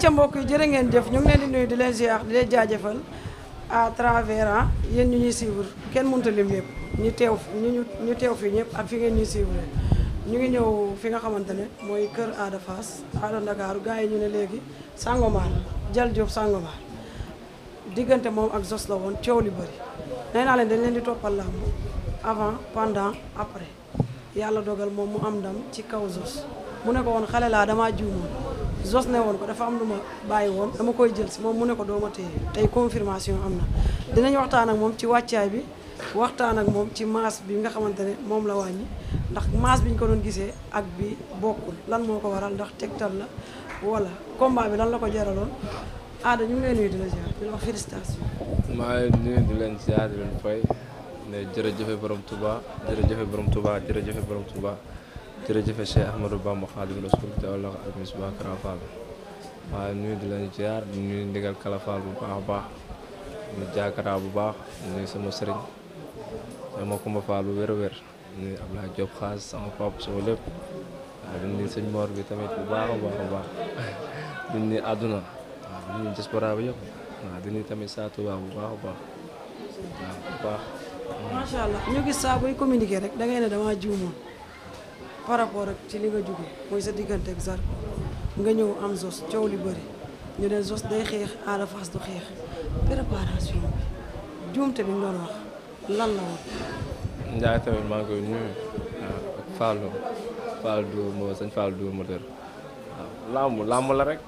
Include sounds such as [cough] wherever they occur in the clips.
ca mbokk yi jërë ngeen jëf ñu ngi leen di nuyu di leen ziar di leen jaajëfal à travers ah yéen ñu ñuy suivre kenn mënut a lim yépp ñu teew ñu ñu ñu teew fii ñëpp ak fi ngeen ñuy suivre ñu ngi ñëw fi nga xamante ne mooy kër Ada fas Ada Ndakaaru gars yi ñu ne léegi Sangomar Jal Diop Sangomar diggante moom ak Zos la woon coow li bëri nee naa leen dañ leen di toppal làmb avant pendant après yàlla dogal moom mu am ndam ci kaw Zos mu ne ko woon xale zos ne woon ko dafa am lu ma bàyyi woon dama koy jël si moom mu ne ko doo ma téye tey confirmation am na dinañ waxtaan ak moom ci wàccaay bi waxtaan ak moom ci masse bi nga xamante ne moom la wàññi ndax masse bi ñu ko doon gisee ak bi bokkul lan moo ko waral ndax tegtal la wala combat bi lan la ko jaraloon aada ñu ngi leen nuyu di la ziar di la wax félicitation. maa ngi nuyu di leen ziar di leen fay ne jërëjëfe borom Touba jërëjëfe borom Touba jërëjëfe borom Touba. jërëjëf Cheikh Ahmadou Bamba Xaadimu Rasuul te wala almis ba Karafal waaye nuyu di leen ziar di nuyu ndigal Kalafal bu baax a baax ñu jaakaraa bu baax sama sëriñ sama Kumba Faal bu wér-wér nuyu Ablaye Diop xaas sama papa lépp waaye sëñ Mor bi tamit bu baax a baax a baax [laughs] di nuyu àdduna waaw di nuyu diaspora bi yëpp waaw di nuyu tamit saa Tuubaa bu baax bu baax. macha allah ñu gis saa buy rek da ne damaa jiw par rapport ak ci li nga jóge mooy sa diggante ak Zarko nga ñëw am Zoss coow li bari ñu ne Zoss day lan la woon. Ndiaye maa ngi koy nuyu waaw ak Fallou Fallou Diour moo sëñ Fallou la rek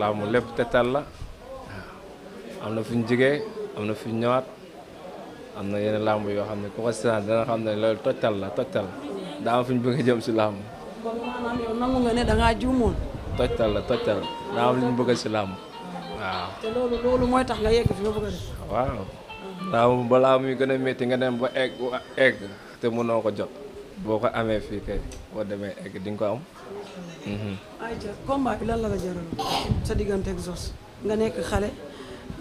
làmbu lépp tetal la waaw am na fu ñu am na fi ñu ñëwaat am na yenn làmb yoo xam ne ku ko seetaan dana xam ne loolu tojtal la tojtal la. daaw fi ñu bëgg a jëm si làmb. nangu nga ne da ngaa juumoon. tojtal la tojtal daaw am li ñu bëgg si làmb waaw. te loolu loolu mooy tax nga yegg fi nga bëgg a waaw daaw balaa muy gën a metti nga dem ba egg egg te mënoo ko jot. boo ko amee fii kay boo demee egg di nga ko am. Mhm. ayca combat bi lan la la jaral sa digganteeg Zos nga nekk xale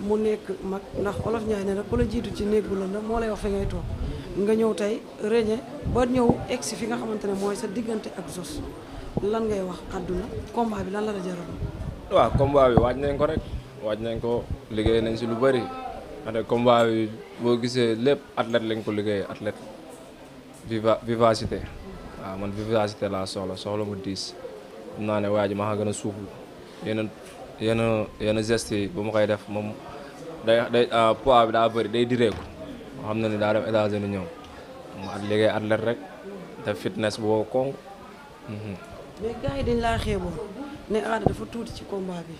mu nekk mag ndax olof Ndiaye ne la ku la jiitu ci néeg bu lëndëm moo lay wax fi ngay toog. nga ñëw tey rëñe ba ñëw si fi nga xamante ne mooy sa diggante ak Zoss lan ngay wax àdduna combat bi lan la la jaral. waaw combat bi waaj nañ ko rek waaj nañ ko liggéey nañ si lu bëri ate combat bi boo gisee lépp athlète lañ ko liggéeyee athlète viva vivacité waaw man vivacité laa soxla soxla mu diis xam naa ne waa ji maa gën a suuflu yenn yenn yenn geste yi bu mu koy def moom day day ah, poids bi daa bëri day ko xam na ni daa dem États-Unis ñëw mu at liggéey athlète rek def fitness boo koŋ. Mhm. mais gars yi xeeboon ne Ada dafa tuuti ci combat bi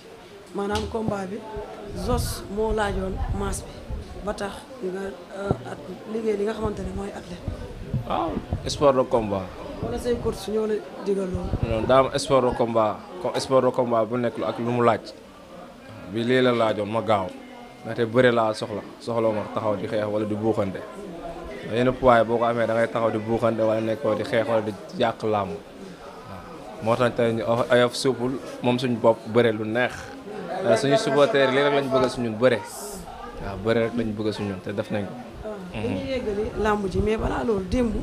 maanaam combat bi Zos moo laajoon masse bi ba tax nga euh, at liggéey li nga xamante mooy athlète. waaw sport de combat. wala say course ñoo la digal loolu. daa am sport de combat comme sport de combat bu nekk ak lu mu laaj. bi lii la laajoon ma gaaw. ndaxte bëre laa soxla soxla ma taxaw di xeex wala di buuxante yenn poids boo ko amee da taxaw di buuxante wala nekkoo di xeex wala di yàq làmb waaw moo tax tey ñu ayof suupul moom suñu bopp bëre lu neex suñu supporters lii rek lañ bëgg suñu bëre waaw bëre rek lañ bëgg suñu te def nañ ko. dañuy yeggali làmb ji mais balaa loolu démb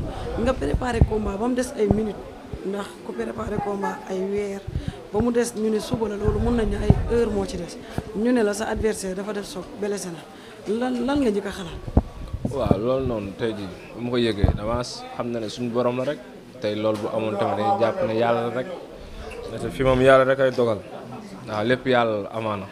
nga préparé combat ba mu des ay minutes ndax ku préparé combat ay weer. ba mu des ñu ne suba la loolu mun nañ ne ay heure moo ci des ñu ne la sa adversaire dafa def soog blessé na lan lan nga njëkk a xalaat. waaw loolu noonu tey jii bu ma ko yëgee d'avance xam na ne suñu borom la rek tey lool bu amoon tamit dañuy jàpp ne yàlla la rek parce fi moom yàlla rek ay dogal waa lépp yàlla la amaana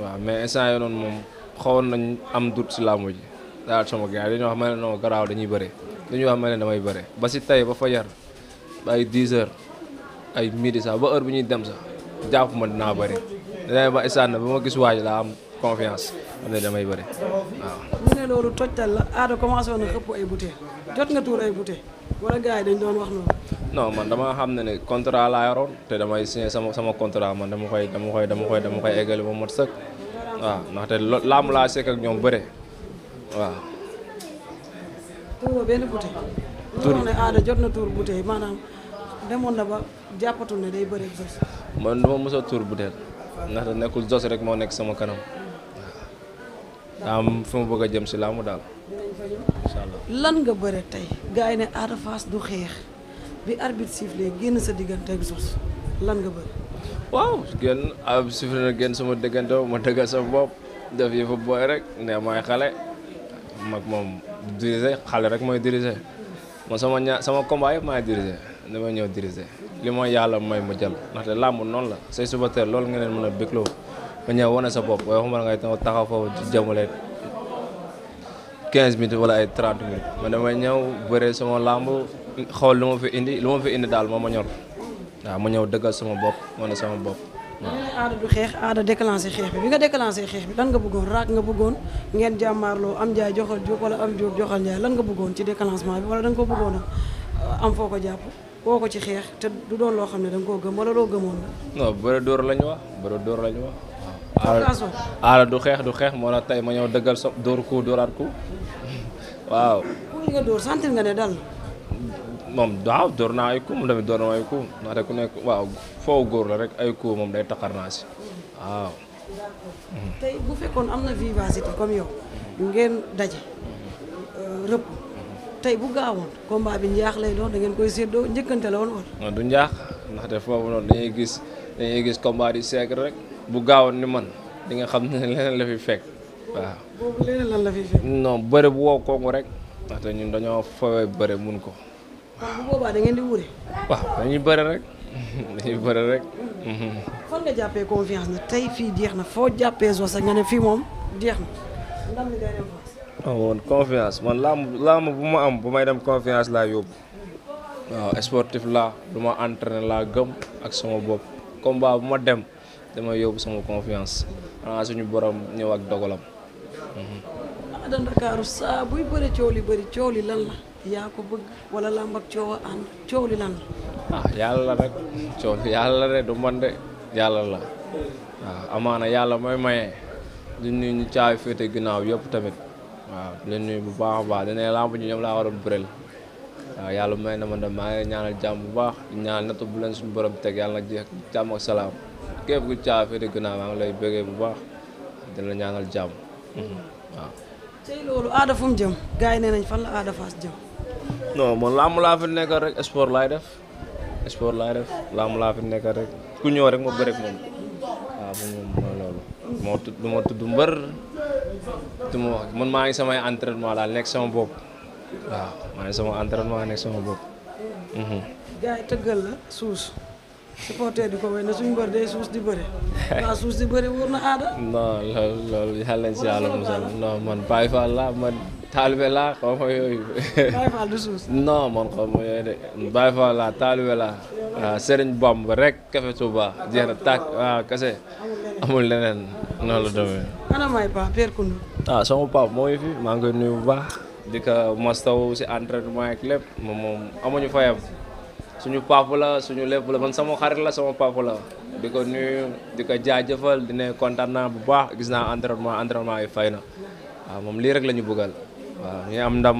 waaw mais instant yoo noonu moom xawoon nañ am dut si laa ji daal sama gars dañoo xam ne garaaw dañuy bëre dañoo xam ne damay bëre ba si tey ba fa yar ba ay 10 heures. ay midi sax ba heure bu ñuy dem sax jàpp ma dinaa bëri leneen ba isaan na ba ma gis waaj laa am confiance xam ne damay bëri waaw. ñu ne loolu tojtal la aada commencé woon na xëpp ay buté jot nga tuur ay buté wala gars yi dañ doon wax noonu. non man dama xam ne ne contra laa yoroon te damay signé sama contra contrat man dama koy dama koy dama koy dama koy eggali ba mot sëkk waaw ndaxte lo laamu laa sekk ak ñoom bëre waaw. tuur benn buté. tuur aada jot na tuur buté maanaam. demoon na ba jàppatul ne day bëri Zoss. man du ma mos a tuur butéel ndax nekkul Zoss rek moo nekk sama kanam mm. am fu a jëm si laamu daal. incha lan nga bëre tey gars yi ne Ada bi arbitre sifflé génn sa diggante ak Zoss lan nga bëri. waaw génn arbitre sifflé na génn sama diggante ma dëggal sa bopp def yëfu booy rek ne maay xale mag moom diriger xale rek mooy diriger man sama ña sama combat yëpp maay diriger. dama ñëw diriger li mooy yàlla may mu jël ndaxte làmb noon la say supporter loolu nga leen mën a bégloo nga ñëw wane sa bopp waaye waxuma la ngay taxaw foofu ci jëmale 15 minutes wala ay trente minutes man damay ñëw sama làmb xool lu ma fi indi lu ma fi indi daal moo ma ñor waaw ma ñëw dëggal sama bopp wane sama bopp. waaw aada du xeex aada déclenché xeex bi bi nga déclenché xeex bi lan nga bëggoon raak nga bëggoon ngeen jàmmaarloo am jaay joxal jóg wala am jóg joxal jaay lan nga bëggoon ci déclenchement bi wala da ko bëggoon am foo ko jàpp. woo ko ci xeex te du doon loo xam ne da nga koo gëm wala loo gëmoon la. non bëre dóor la ñu wax bëre dóor la ñu wax. waaw aala du xeex du xeex moo la tey ma ñëw dëggal so dóor ko dóoraat ko [laughs] waaw. ku nga dóor sentir nga ne dal. moom waaw dóor naa ay coup moom tamit dóor naa ay ku nekk waaw foo góor la rek ay coup moom day taxar naa waaw. tey bu fekkoon am na vivacité comme yow. ngeen daje rëpp. tey bu gaawoon combat bi njaax lay doon da ngeen koy séddoo njëkkante la woon du njaax ndaxte foofu noonu dañuy gis dañuy gis combat yi seeg rek bu gaawoon ni man di nga xam [laughs] ne leneen la fi fekk waaw. fi fekk. non bëre bu wow kongu rek ndaxte ñun dañoo fawee bëre mun ko. waaw bu boobaa da ngeen di wure. waaw dañuy bëre rek [laughs] dañuy bëre rek. [laughs] fan nga jàppee confiance na tey fii jeex na foo jàppee Zoss nga ne fii moom jeex na woon oh, confiance man làmb làmb bu ma am bu may dem confiance laa yóbbu waaw sportif laa lu ma entraîné laa gëm ak sama bopp combat bu ma dem dama yóbbu sama confiance xanaa suñu borom ñëw ak dogalam. Ada Ndakaaru saa buy bëri li bëri coow li la yaa ko bëgg la. ah yàlla rek yàlla rek du man de yàlla la waaw amaana yàlla mooy maye du ñu ñu caay féete ginnaaw yëpp tamit. waaw di leen nuyu bu baax baax dinañ làmb laa waroon bëreel yàlla may ma ndam maa ngi ñaanal jàmm bu baax di ñaanal natt bu leen suñu borom teg yàlla na jeex jàmm ak salaam képp ku caafee di gannaaw maa ngi lay bëggee bu baax dina la ñaanal jàmm waaw. tey loolu aada fu mu jëm gars yi nee la aada laa fi nekkal rek sport laay def sport laay def làmb laa fi nekkal rek ku ñëw rek ma bëreeg moom waaw moom mooy loolu. moo tudd tudd mbër. du ma wax man maa ngi samay entraînement daal nekk sama bopp waaw maa ngi sama entraînement nekk sama bopp. Mhm. gars yi tëggal la suus. supporter di ko wey na suñu mbër day suus di bëre. [laughs] waaw suus di bëre wóor na aada. non loolu loolu yàlla nañ si yàlla musal taalibe laa xaw ma yooyu. Baye [laughs] man xaw yooyu de Baye Fall laa taalibe laa ah, waaw Serigne Bamba rek Café baax jeex na tàkk waaw kese amul leneen noonu la demee. Ah, sama papa moo ngi fi maa ngi koy bu baax di ko mastaw si entraînement ak lépp moom moom amuñu fayam suñu papa la suñu sama xarit la sama di ko nuyu di ko jaajëfal di ne kontaan naa bu baax gis naa entraînement entraînement yi fay na waaw ah, moom lii rek lañu ñu waaw ñu am ndam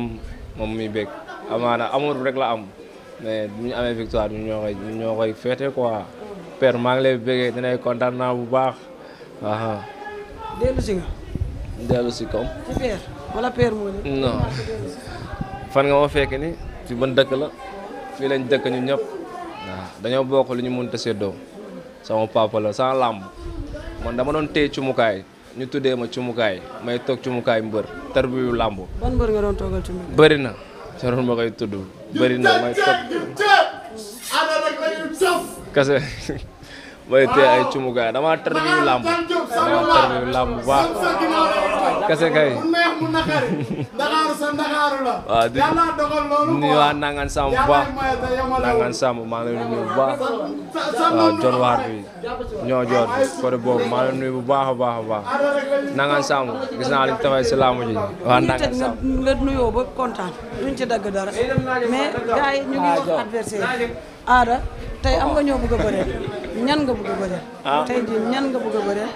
moom muy bëgg amaana amour rek la am mais bu ñu amee victoire ñu ñoo koy ñu ñoo koy féete quoi père bëggee dinay kontaan naa bu baax dellu si nga. dellu si kom. fan nga ma fekk ni ci ban dëkk la fii lañ dëkk ñu ñëpp waaw dañoo bokk lu ñu mënta séddoo sama papa la sama làmb man dama doon téye cumukaay. ñu tuddee ma cumukaay may toog cumukaay mbër tarbiyu làmb. ban mbër nga doon toogal ci na jarul ma koy tudd bëri may toog kase [laughs] may tee ay cumukaay damaa tarbiyu làmb damaa tarbiyu làmb bu kase kay. waaw di nuyu waa Nangan Samb bu Nangan Samb maa ngi leen bu baax ñoo joor côté boobu maa ngi Nangan Samb gis naa li ñu taxawee ji waa Nangan Samb la ba kontaan duñ ci dagg dara mais gars ñu ngi wax adversaire aada tey am nga ñoo bëgg bëree ñan nga bëgg bëree ah. tey jii ñan nga bëgg bëree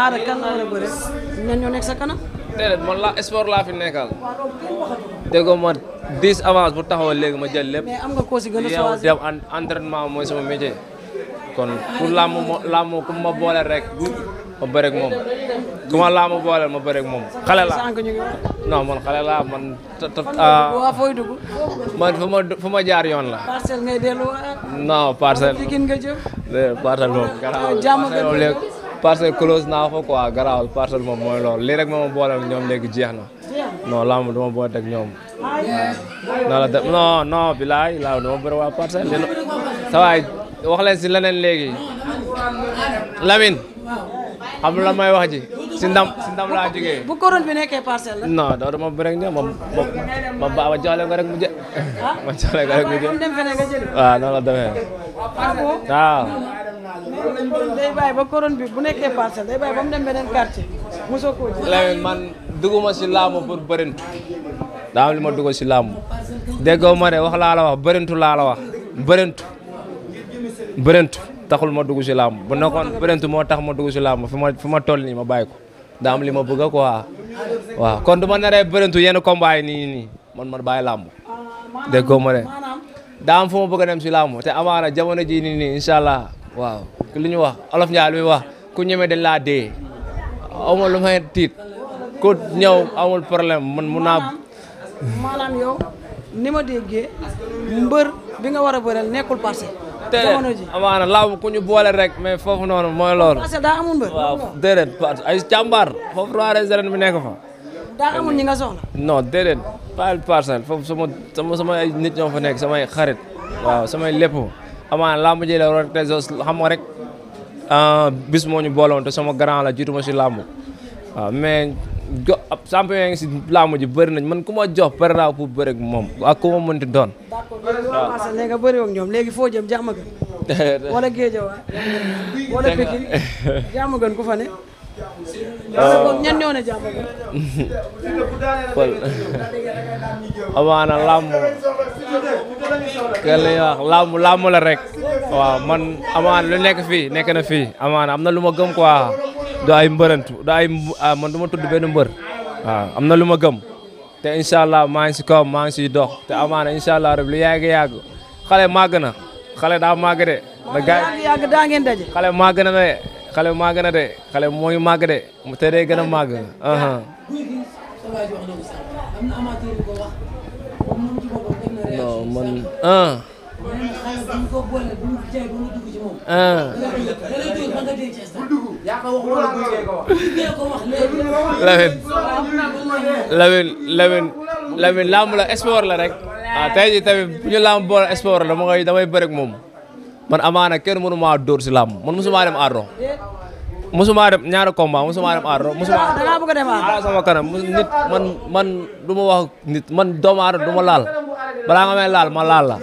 aada kan la bëre ñan ñoo nekk sa kanam déedéet man la sport laa fi nekkal. déggoo ma dix avance bu taxawal léegi ma jël lépp. mais am nga koo si gën a choisir yow dem mooy sama métier. kon pour làmb ma làmb ku ma boole rek ma bëreeg moom ku ma làmb boole ma bëreeg moom xale la non man xale la ah. ma fu ma jaar yoon la. parcelle ngay delluwaat. non parcelle. Pikine parcelle close naa fa quoi garaawul parcelle moom mooy loolu lii rek moom booleel ñoom léegi jeex na non làmb duma boole teg ñoom non la non non bilaay làmb duma bëri waa parcelle dina sa waay wax leen si leneen léegi Lamine xam la may wax ji si ndam si ndam laa jógee. bu couronne bi nekkee parcelle la. moom moom ba ma jox rek mu ma jox leen mu jë waaw noonu la demee waaw. loolu day bàyyi man duguma si laamu pour bërintu daa li ma dugg si laamu déggoo ma de wax laa la wax bërintu laa ma dugg si laamu bu nekkoon bërintu moo tax ma dugg si laamu fi ma fi ma toll nii ma bàyyi ko daa li ma bëgg quoi waaw kon du ma naree bërintu yenn combat yi nii nii man man laamu déggoo ma de daa am ma bëgg a si laamu te amaana jamono jii nii nii incha waaw li ñu wax olof Ndiaye li wax ku ñeme dañ laa dee amul lu may tiit ku ñëw amul problème man mun naa. yow ni ma déggee mbër bi nga war a bëreel nekkul parcelle. jamono ji amaana laaw ku ñu boole rek mais foofu noonu mooy loolu. parce que daa amul mbër. waaw déedéet ay càmbaar foofu trois réserves bi nekk fa. daa amul ñi nga soxla. non déedéet pas parcelle foofu sama sama ay nit ñoo fa nekk samay xarit waaw samay lépp. amaan làmb ji la war a xam nga rek ah, bis moo ñu booloon te sama grand la jiitu ma si làmb waaw ah, mais jo champion yi ji bëri nañ man ku ma jox pare naa moom ak ku doon. d'accord léegi nga foo jëm jàmm gën. [laughs] wala [laughs] kenn la ñuy wax làmb rek waaw man amaan lu nekk fii nekk na fii amaan am na lu ma gëm quoi du ay mbërantu du ay ah, man du ma tudd benn mbër waaw am na lu ma gëm te incha allah maa ngi si kaw maa ngi siy dox te amaana incha allah rek lu yàgg yàgg xale màgg na xale daa màgg de. na gars yàgg daa ngeen daje. xale màgg na de xale màgg na de xale moo ngi màgg de te day gën a màgg. non man ah. ah. Lamin Lamin Lamin Lamin làmb la sport la rek ah tey jii tamit bu ñu làmb boole sport la dama koy damay bëri ak moom man amaana kenn mënu maa dóor si làmb man mosuma dem àddoo. musuma dem ñaari combat musuma dem aar musuma ala sama kanam nit man man du ma wax nit man doomu aadama du ma laal balaa nga may laal ma laal la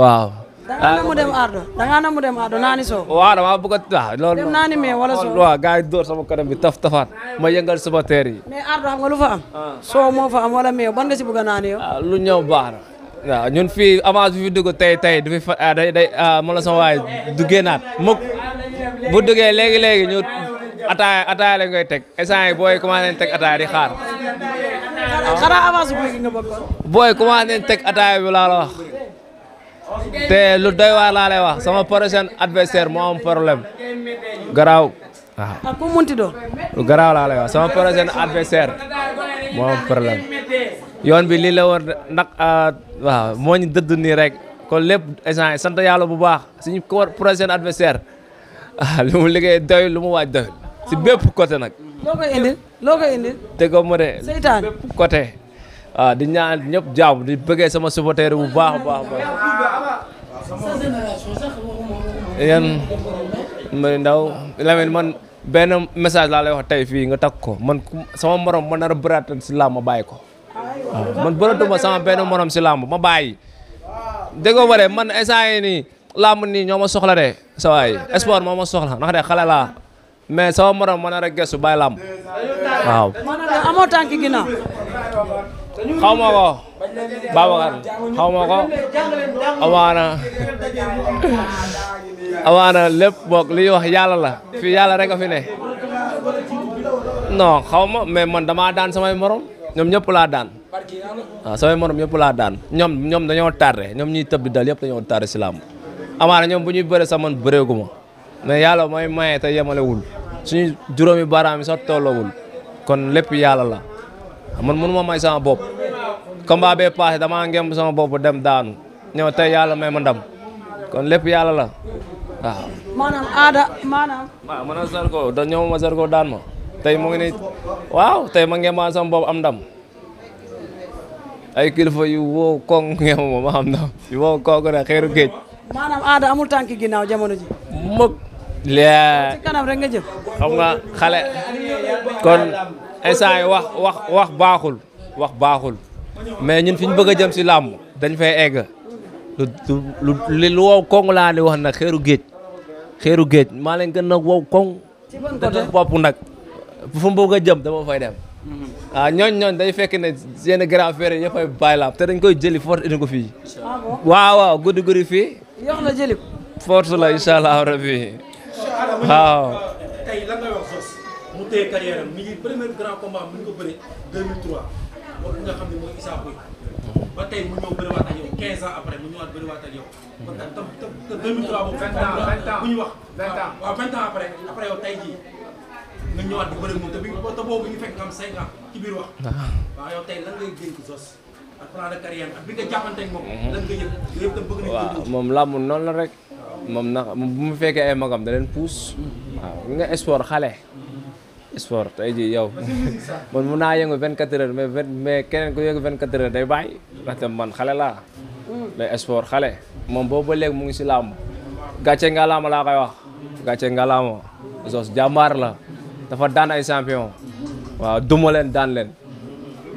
waaw. da nga mu dem ardo da naani soo. waaw damaa bëgg a waaw loolu. naani mais wala soo waaw gars yi door sama kanam bi taf tafaat ma yëngal sama yi. Ah. soo moo fa am wala mais ban nga si bëgg a naan ah, lu ñëw baax na. waaw ñun fii avance bi fi dugg tey tey dafay fa ah, day day ma la sama naat mukk bu duggee léegi léegi ñu ataaya ataaya koy teg instant yi booy commencé nañ teg ataaya di xaar. xanaa booy commencé nañ teg ataaya bi laa wax te lu doy waar laa lay wax sama prochain adversaire moo am problème garaaw. waaw ah ku mu munti doon. lu garaaw lay wax sama prochain adversaire moo am problème yoon bi lii war ndax ah, waaw moo ñu dëdd nii rek kon lépp instant sant yàlla bu baax suñu prochain adversaire. ah lu mu liggéey doyul lu mu waaj doyul si ah, bépp côté nag. loo koy indil ah, di ñaa ñëpp jàmm di bëggee sama supporter bu baax a baax. yan Mbari Ndaw man benn message laa lay wax tey fii nga takk ko man sama morom ma nar a si làmb ma bàyyi ko. waaw ah, man bëratuma sama benn morom si làmb ma bàyyi. déggoo ma man instant làmb nii ñoo ma soxla de sa waay espoir moo ma soxla ndax de xale laa mais sama morom ma nar a gëstu bàyyi làmb waaw. maanaam amoo tànk ginnaaw. xaw ma ko Babacar xaw ma ko lépp li ñuy wax yàlla la fi yàlla rek a fi ne non xaw ma mais man damaa daan samay morom ñoom ñëpp laa daan waaw samay morom ñëpp laa daan ñoom ñoom dañoo tardé ñoom ñuy tëb daal dal yëpp dañoo tardé amaana ñoom bu ñuy bëre sax man bëreegu ma mais yàlla mooy tay te yemalewul suñu juróomi baaraam yi sax tollowul kon lépp yàlla la man mënu ma may sama bopp combat bee passé damaa ngemb sama bopp dem daanu ñëw tey yàlla may ma ndam kon lépp yàlla la waaw. maanaam aada maanaam. waaw man a Zarko da ñëw ma Zarko ma tey mu ngi kilifa yu woo koŋ ngeen ma ma xam yu woo koŋ rek xeeru géej maanaam aada amul tànki ginnaaw jamono ji. mukk lee kanam rek nga jëm. xam nga xale kon instant yi wax wax wax baaxul wax baaxul mais ñun fi ñu bëgg a jëm si làmb dañ fay egg lu lu lu wow koŋ laa ni wax nag xeeru géej xeeru géej maa lañ gën nag wow koŋ. ci nag fu mu bëgg a jëm dama fay dem. waaw mhm. ah, ñooñ ñooñ day fekk ne seen grand frère yi ñëpp ay te dañ koy jëli force indi ko fii. Ah waaw guddi guddi fii. yokk na jëli ko. la incha allah tey lan ngay wax Zoss mu téye carrière am mi ngi premier grand combat mi ko bëre 2003 boobu ba tey mu ñëw bëriwaat ba tey tam tam 2003 boobu 20 ñu wax. 20 ans waaw 20 tey jii nga ñëwaat di bëri moom te bi te boobu ñu fekk nga am 5 ans ci biir wax. Ah. waaw yow tey lan ngay dénk ak plan de carrière ak bi mhm. waaw moom làmb noonu la rek. moom nag bu mu fekkee ay magam da leen puus. waaw nga sport xale. sport tey jii yow [laughs] man mun naa yëngu 24 heures mais mais keneen ku yëngu 24 heures day bàyyi ndaxte man xale laa mm. mais sport xale moom boobu ba mu ngi si làmb gàcce nga làmb laa koy wax gàcce nga làmb Zoss jàmbaar la dafa daan ay champion waaw duma leen daan leen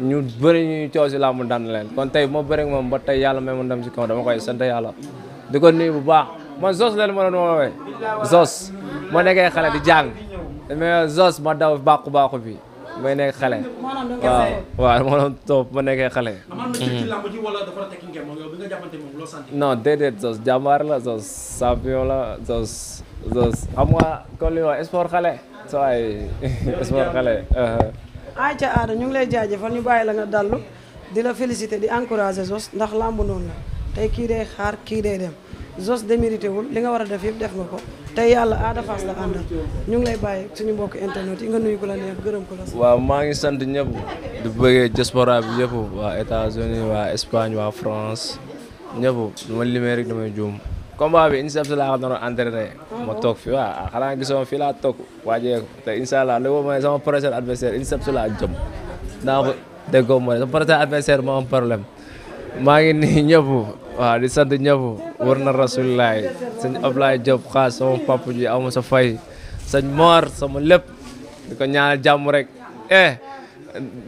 ñu bëri ñuy coow si làmb daan leen kon tey moo bëri moom ba tey yàlla may ma ndam si kaw koy sant yàlla di ko nuyu bu baax man Zos leen ma doon woowee Zos ma nekkee xale di jàng mais Zos ma daw bàqu bàqu bi may nekk xale. waaw waaw ma nekkee xale. non déedéet Zos jàmbaar la Zos champion la Zos Zos xam li ma sport xale. saa yi [laughs] sport xale. [laughs] ay ca aada ñu ngi lay jaajëfal ñu bàyyi la nga dallu di la féliciter di encourager Zoss ndax làmb noonu la tey kii day xaar kii day dem Zoss démérité wul li nga war a def yëpp def nga ko tey yàlla Ada fas la àndal ñu ngi lay bàyyi suñu mbokk internet yi nga nuyu ko la neex gërëm ko la. waaw maa ngi sant ñëpp di bëggee diaspora bi yëpp waa États-Unis waa Espagne waa France ñëpp lu ma yi rek damay juum. combat bi INSEP laa xam ne doon entraîné ma toog fi waaw ah, xanaa gisoo fii laa toog waajee te incha allah li ma sama prochain adversaire INSEP laa jëm naa ko déggoo ma ne sama prochain adversaire moo am problème maa ngi nii ñëpp waaw di sant ñëpp war na rasulilah sëñ Ablaye Diop xaas sama papa ji sa mo sëñ Mor sama lépp di ko ñaanal jàmm rek eh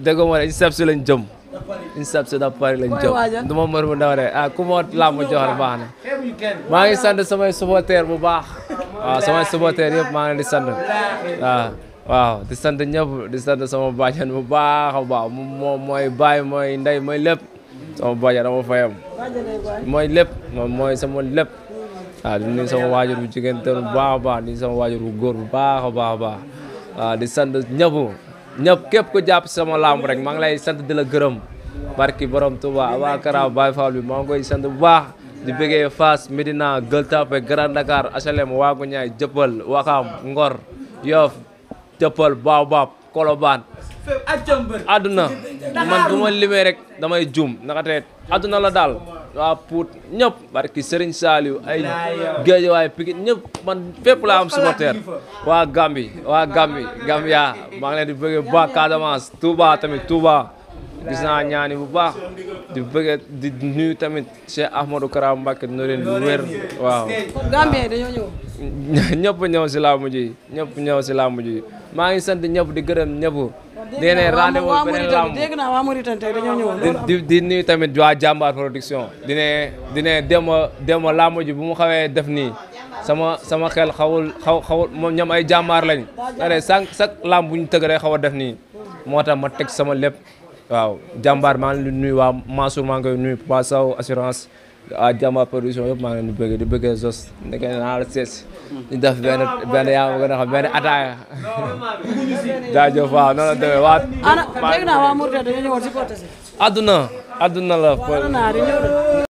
déggoo ma ne INSEP lañ jëm. insab si da la lañ jóg du ma mër ah, ma làmb jox la baax na maa ngi sant samay supporters bu baax waaw samay maa ngi di sa waaw waaw di sant ñëpp di sant sama bàjjan bu baax a baax moom mooy baay mooy ndey mooy lépp sama bàjjan dama fayam mooy lépp moom mooy sama lépp waaw di sama waajur bu jigéen bu baax a baax di sama waajur bu góor bu baax a baax a baax di sant ñëpp ñëpp képp ku jàpp sama làmb rek maa ngi lay sant di la gërëm barki borom Touba waa Kara Baye Fall bi maa ngi koy bu baax di bëggee Fass Médina Gueule Grand Dakar HLM Waagu Ñaay Jëppal Wakaam Ngor Yoff Jëppal Baobab Colobane àdduna man du ma rek damay juum nakateet àdduna la daal waa Pout ñëpp barki Serigne Saliou ay géej waay Pikine ñëpp man fépp laa am supporter waa Gambi Gambi Gambia maa leen di bëggee ba Casamance Touba tamit Touba gis naa ñaani bu baax di bëgg di nuyu tamit Cheikh Ahmadou Kara Mbacké di leen bu wér waaw. Gambie ñëw. [laughs] ñëpp ñëw si làmb ji ñëpp ñëw si làmb maa ngi sant ñëpp di gërëm ñëpp. dégg naa waa di nuyu tamit waa jàmbaar production. di ne di ne dem a dem ji bu mu xawee def nii. sama sama xel xawul xaw xawul moom ñoom ay lañ. daa jàmbaar sànq chaque làmb bu ñu tëgg rek xaw a def nii. moo tax ma teg sama lépp. waaw jàmbaar maa ngi nuyu waa Mansour maa ngi koy nuyu Papa Sow assurance waa jàmbaar production yëpp maa ngi leen di bëgg di bëggee Zos nekk naa la seet ñu def benn benn yaa ma gën a xam benn ataaya. jaajëf waaw noonu la demee waa. ana dégg naa waa Mouride dañoo ñëwoon si côté si. adduna adduna la.